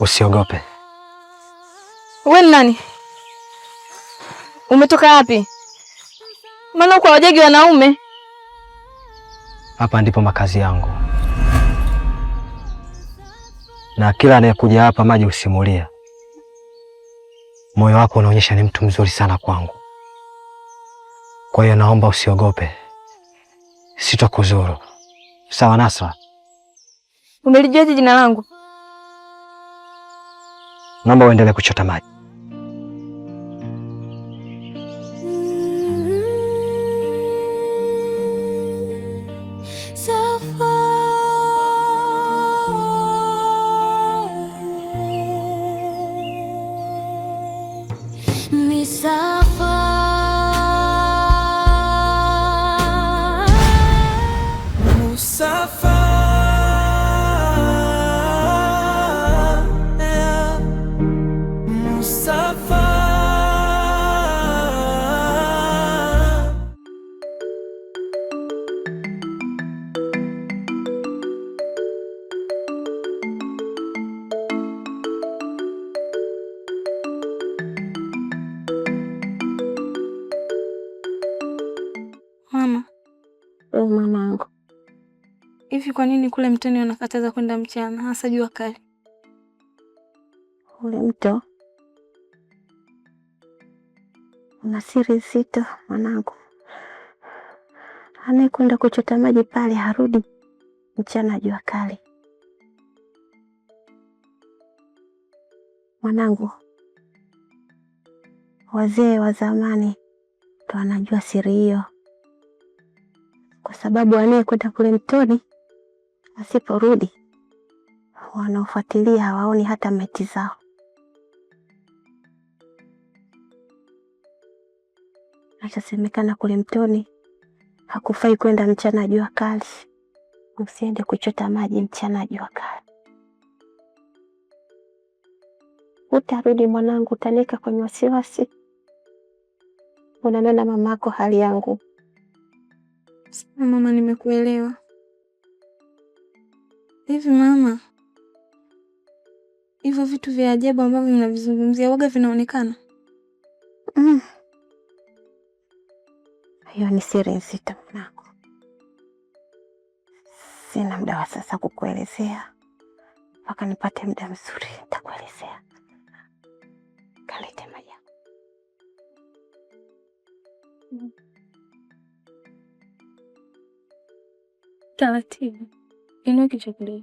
Usiogope. Wewe ni nani? Umetoka wapi? Maana uko wajegi wanaume. Hapa ndipo makazi yangu, na kila anayekuja hapa maji husimulia. Moyo wako unaonyesha ni mtu mzuri sana kwangu, kwa hiyo naomba usiogope, sitakuzuru. Sawa, Nasra? Umelijuaje jina langu? naomba uendelee kuchota maji. Mama oh, mwanangu hivi kwa nini kule mtoni wanakataza kwenda mchana, hasa jua kali? Ule mto una siri nzito mwanangu. Anayekwenda kuchota maji pale harudi mchana jua kali. Mwanangu, wazee wa zamani ndo wanajua siri hiyo kwa sababu anayekwenda kule mtoni asiporudi, wanaofuatilia hawaoni hata maiti zao. Nachosemekana kule mtoni hakufai kwenda mchana jua kali, usiende kuchota maji mchana jua kali. Utarudi mwanangu, utanika kwenye wasiwasi. Unanena mamako hali yangu sasa mama, nimekuelewa. Hivi mama, hivyo vitu vya ajabu ambavyo mnavizungumzia waga vinaonekana? Mm. Hiyo ni siri nzito mwanangu, sina muda wa sasa kukuelezea, mpaka nipate muda mzuri nitakuelezea. Kalete maji. Taratibu, inua kichwa kidogo.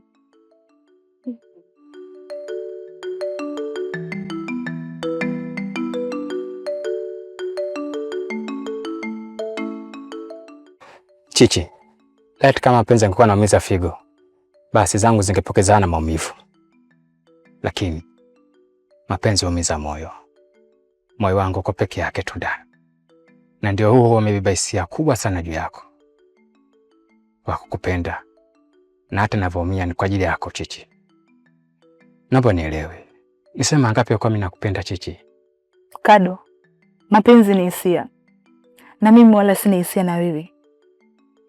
Chichi, laiti kama mapenzi yangekuwa naumiza figo, basi zangu zingepokezana maumivu, lakini mapenzi huumiza moyo. Moyo wangu uko peke yake tu da, na ndio huo huo umebeba hisia kubwa sana juu yako wa kukupenda na hata navyoumia ni kwa ajili yako Chichi. Naomba nielewe, nisema ngapi kwa mimi nakupenda Chichi? Kado, mapenzi ni hisia, na mimi wala sina hisia na wewe,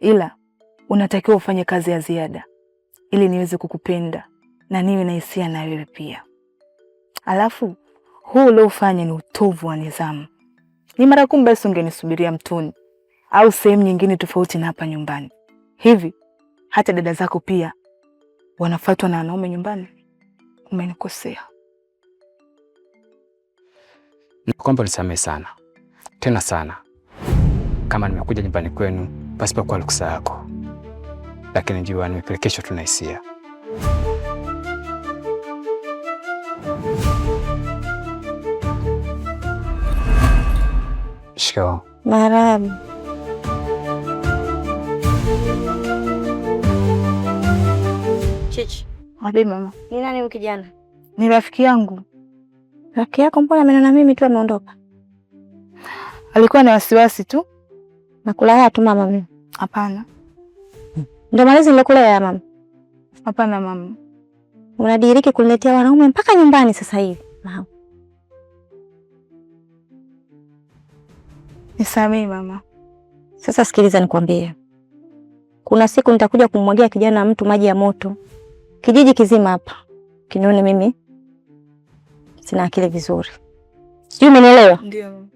ila unatakiwa ufanye kazi ya ziada ili niweze kukupenda na niwe na hisia na wewe pia. Alafu huu uliofanya ni utovu wa nidhamu. Ni mara kumbe basi ungenisubiria mtoni au sehemu nyingine tofauti na hapa nyumbani. Hivi hata dada zako pia wanafuatwa na wanaume nyumbani? Umenikosea. nakwamba nisamehe sana tena sana, kama nimekuja nyumbani kwenu pasipo kwa ruksa yako, lakini jua nimepelekeshwa, tunahisia hisia Marahaba. Chichi. Wapi mama? Ni nani huyu kijana? Ni rafiki yangu. Rafiki yako? Mbona na mimi tu ameondoka? Alikuwa na wasiwasi tu. Nakulaya tu mama mimi. Hapana. Ndio malezi nilokulea mama. Hapana mama. Unadiriki kuniletea wanaume mpaka nyumbani sasa hivi. Mama. Nisamee mama. Sasa sikiliza nikwambie kuna siku nitakuja kumwagia kijana mtu maji ya moto, kijiji kizima hapa kinione mimi sina akili vizuri, sijui umenielewa? Ndio.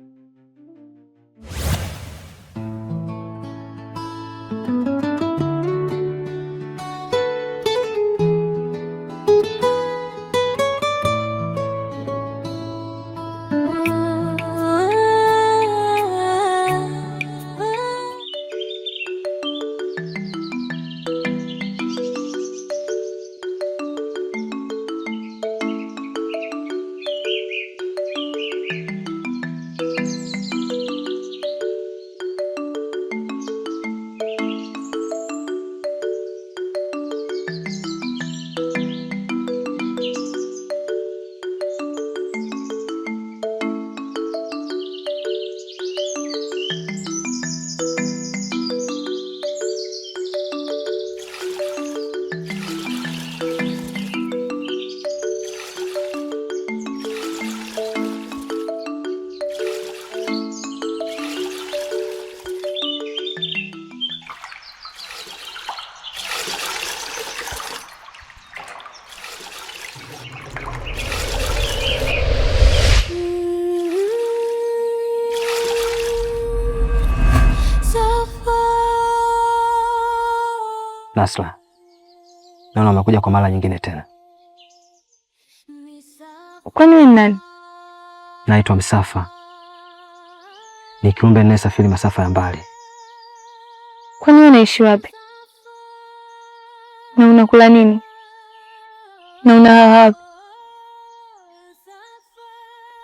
Nasla, naona umekuja kwa mara nyingine tena. Kwani wewe ni nani? Naitwa Msafa, ni kiumbe ninayesafiri masafa ya mbali. Kwani wewe unaishi wapi na unakula nini na unahawa wapi?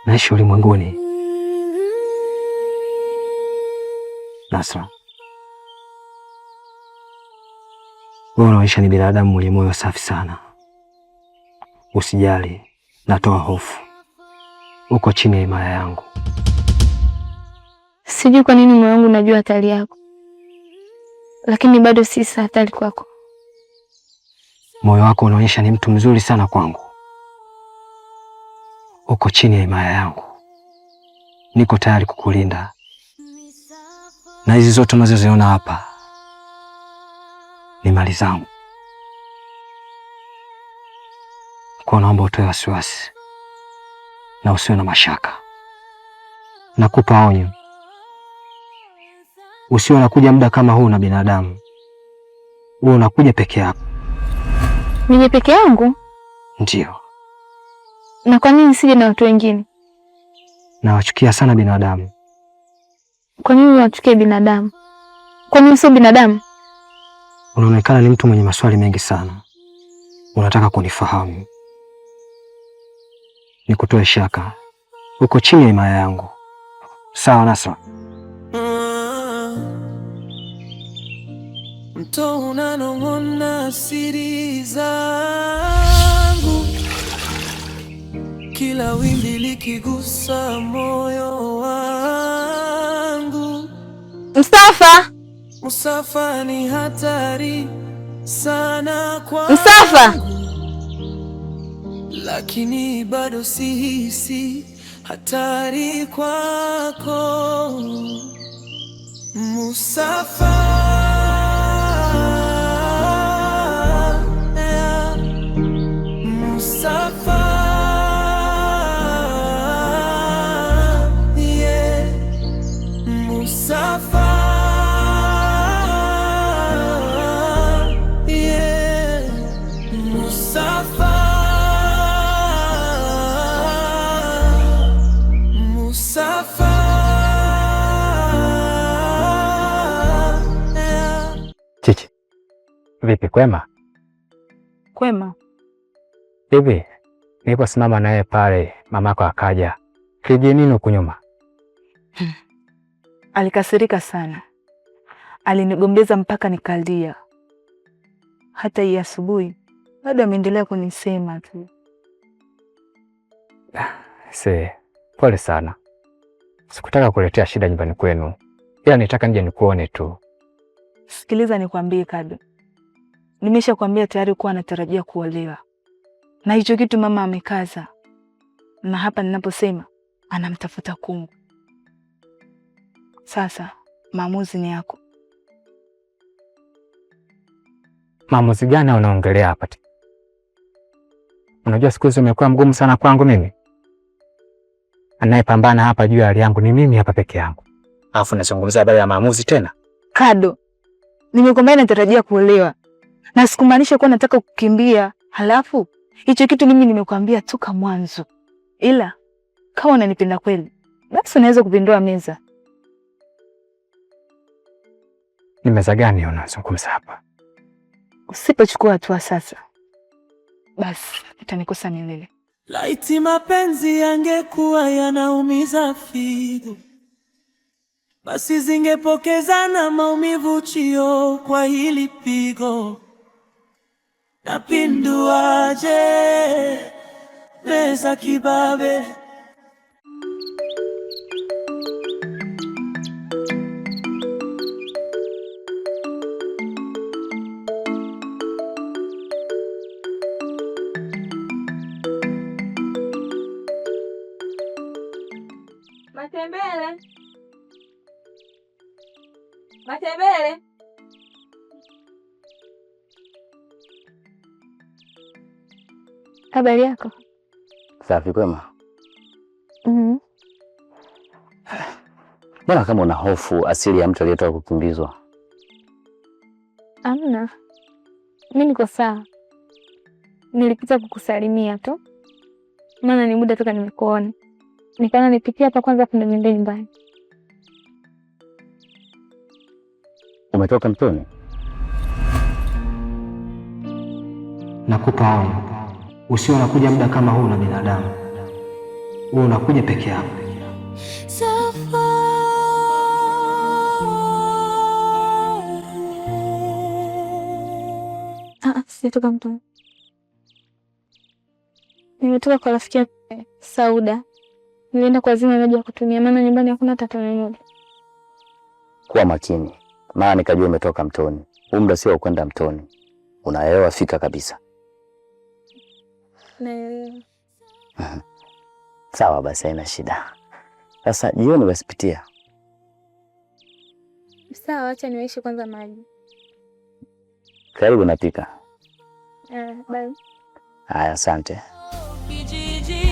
Naishi ulimwenguni Nasra. Wewe unaonyesha ni binadamu mwenye moyo safi sana. Usijali, natoa hofu, uko chini ya imara yangu. Sijui kwa nini moyo wangu unajua hatari yako, lakini bado si sa hatari kwako. Moyo wako unaonyesha ni mtu mzuri sana kwangu. Uko chini ya imara yangu, niko tayari kukulinda, na hizi zote unazoziona hapa ni mali zangu, kwa naomba utoe wasiwasi na usiwe na mashaka. Nakupa onyo, usiwe unakuja muda kama huu na binadamu, Wewe unakuja peke yako. Nije peke yangu? ndio Na kwa nini sije na watu wengine? Nawachukia sana binadamu. Kwa nini unachukia binadamu? Kwa nini sio binadamu? unaonekana ni mtu mwenye maswali mengi sana, unataka kunifahamu. Nikutoe shaka, uko chini ya himaya yangu, sawa Nasra? Mto unanong'ona siri zangu, kila wimbi likigusa moyo wangu. Mustafa Msafa ni hatari sana kwa Msafa, lakini bado sihisi hatari kwako Musafa Vipi, kwema? Kwema. Hivi niliposimama naye pale, mamako akaja, kiji nini huku nyuma? Hmm. Alikasirika sana, alinigombeza mpaka nikalia. Hata hii asubuhi bado ameendelea kunisema tu. Se, pole sana, sikutaka kuletea shida nyumbani kwenu, ila nitaka nje nikuone tu. Sikiliza nikwambie, Kado Nimeshakwambia tayari kuwa anatarajia kuolewa, na hicho kitu mama amekaza, na hapa ninaposema anamtafuta kungu. Sasa maamuzi ni yako. Maamuzi gani unaongelea hapa? Unajua siku hizi umekuwa mgumu sana kwangu mimi. Anayepambana hapa juu ya hali yangu ni mimi hapa peke yangu, alafu nazungumza habari ya maamuzi tena. Kado, nimekwambia natarajia kuolewa na sikumaanisha kuwa nataka kukimbia. Halafu hicho kitu mimi nimekuambia toka mwanzo, ila kama unanipenda kweli, basi unaweza kupindua meza. Ni meza gani unazungumza hapa? Usipochukua hatua sasa, basi utanikosa milele. Laiti mapenzi yangekuwa yanaumiza figo, basi zingepokezana maumivu chio kwa hili pigo Napinduaje pesa kibabe? Matembele, matembele Habari yako? Safi, kwema. mm -hmm. Mbona kama una hofu asili ya mtu aliyetoka kukimbizwa? Amna, mi niko sawa, nilipita kukusalimia tu, maana ni muda toka nimekuona, nikaona nipitie hapa kwanza, afu niende nyumbani. Umetoka mtoni? Nakupa onyo usio unakuja muda kama huu na binadamu, huu unakuja peke yako. Ah, ah, sijatoka mtu, nimetoka kwa rafiki yake Sauda, nilienda kwa zima maji ya kutumia, maana nyumbani hakuna tatu tone moja. Kuwa makini, maana nikajua umetoka mtoni. Huu muda sio wa kwenda mtoni, unaelewa fika kabisa na... Sawa basi, haina shida. Sasa jioni basi pitia. Sawa, acha niwaishe kwanza maji. Karibu napika. Eh, bye. Haya, asante. Kijiji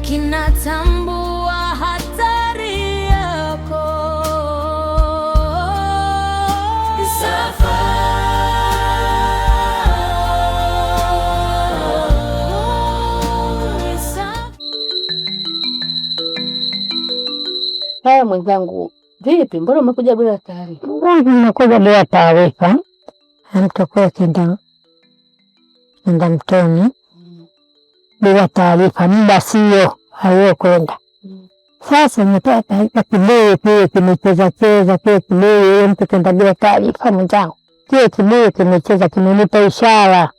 kinatambua Haya mwenzangu, vipi, mbona umekuja bila taarifa? Nimekuja bila taarifa. Mtokoe kenda enda mtoni mm. bila taarifa, muda sio kwenda mm. Sasa nimepata taarifa kibuyu kile kimecheza cheza kile kibuyu, huyo mtu kenda bila taarifa mwenzangu, kile kibuyu kimecheza kimenipa ishara.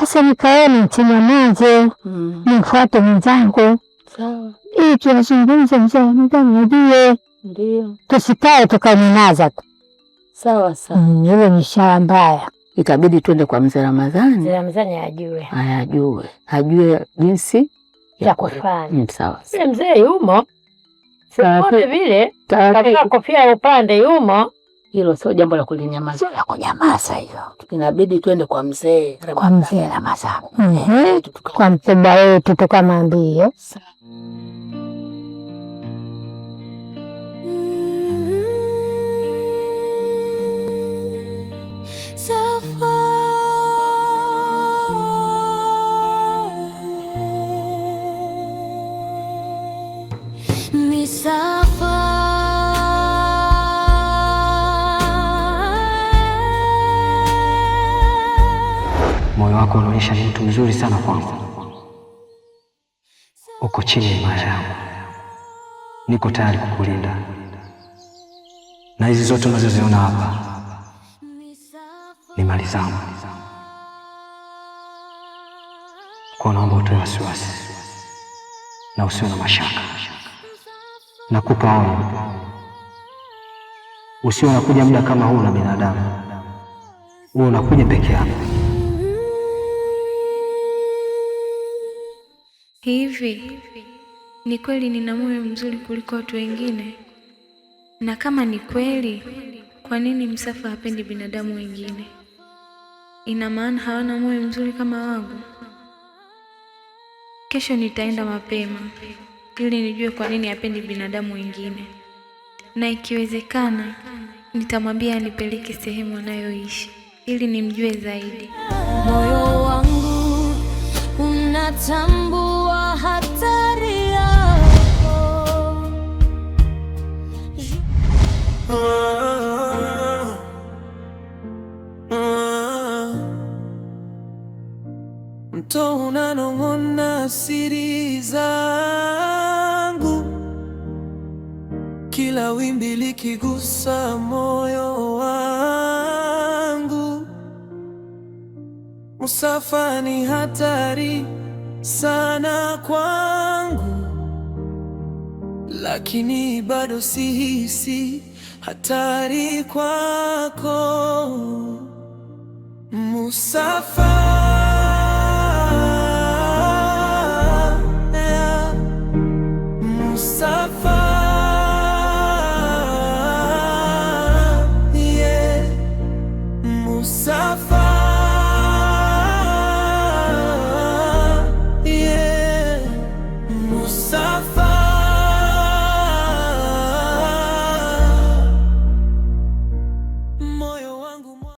Sasa nikaeni mchinyamanze, mm. nimfuate mwenzangu Sawa. Hii tunazungumza mzee, muda mwingine. Ndio. Tusikae tukaminaza tu. Sawa sawa. Hiyo mm, ni mbaya. Ikabidi twende kwa mzee Ramadhani. Mzee Ramadhani ajue. Ayajue. Ajue jinsi ya kufanya. Mm, sawa. Mzee yumo. Sipone vile katika kofia upande yumo. Hilo sio jambo la kulinyamaza, la kunyamaza hiyo. Inabidi twende kwa mzee, kwa mzee Ramadhani. Kwa mzee wetu tukamwambie. Sawa. wako unaonyesha ni mtu mzuri sana kwangu. Uko chini ya himaya yangu, niko tayari kukulinda, na hizi zote unazoziona hapa ni mali zangu, kwa naomba utoe wasiwasi na usiwe na mashaka. Nakupa onyo, usiwe unakuja muda kama huu na binadamu, uwe unakuja peke yako. Hivi ni kweli nina moyo mzuri kuliko watu wengine? Na kama ni kweli, kwa nini Msafa hapendi binadamu wengine? Ina maana hawana moyo mzuri kama wangu? Kesho nitaenda mapema ili nijue kwa nini hapendi binadamu wengine, na ikiwezekana nitamwambia anipeleke sehemu anayoishi ili nimjue zaidi. Moyo wangu unatambua Mto unanong'ona siri zangu, kila wimbi likigusa moyo wangu. Msafa ni hatari sana kwangu, lakini bado sihisi hatari kwako. musafa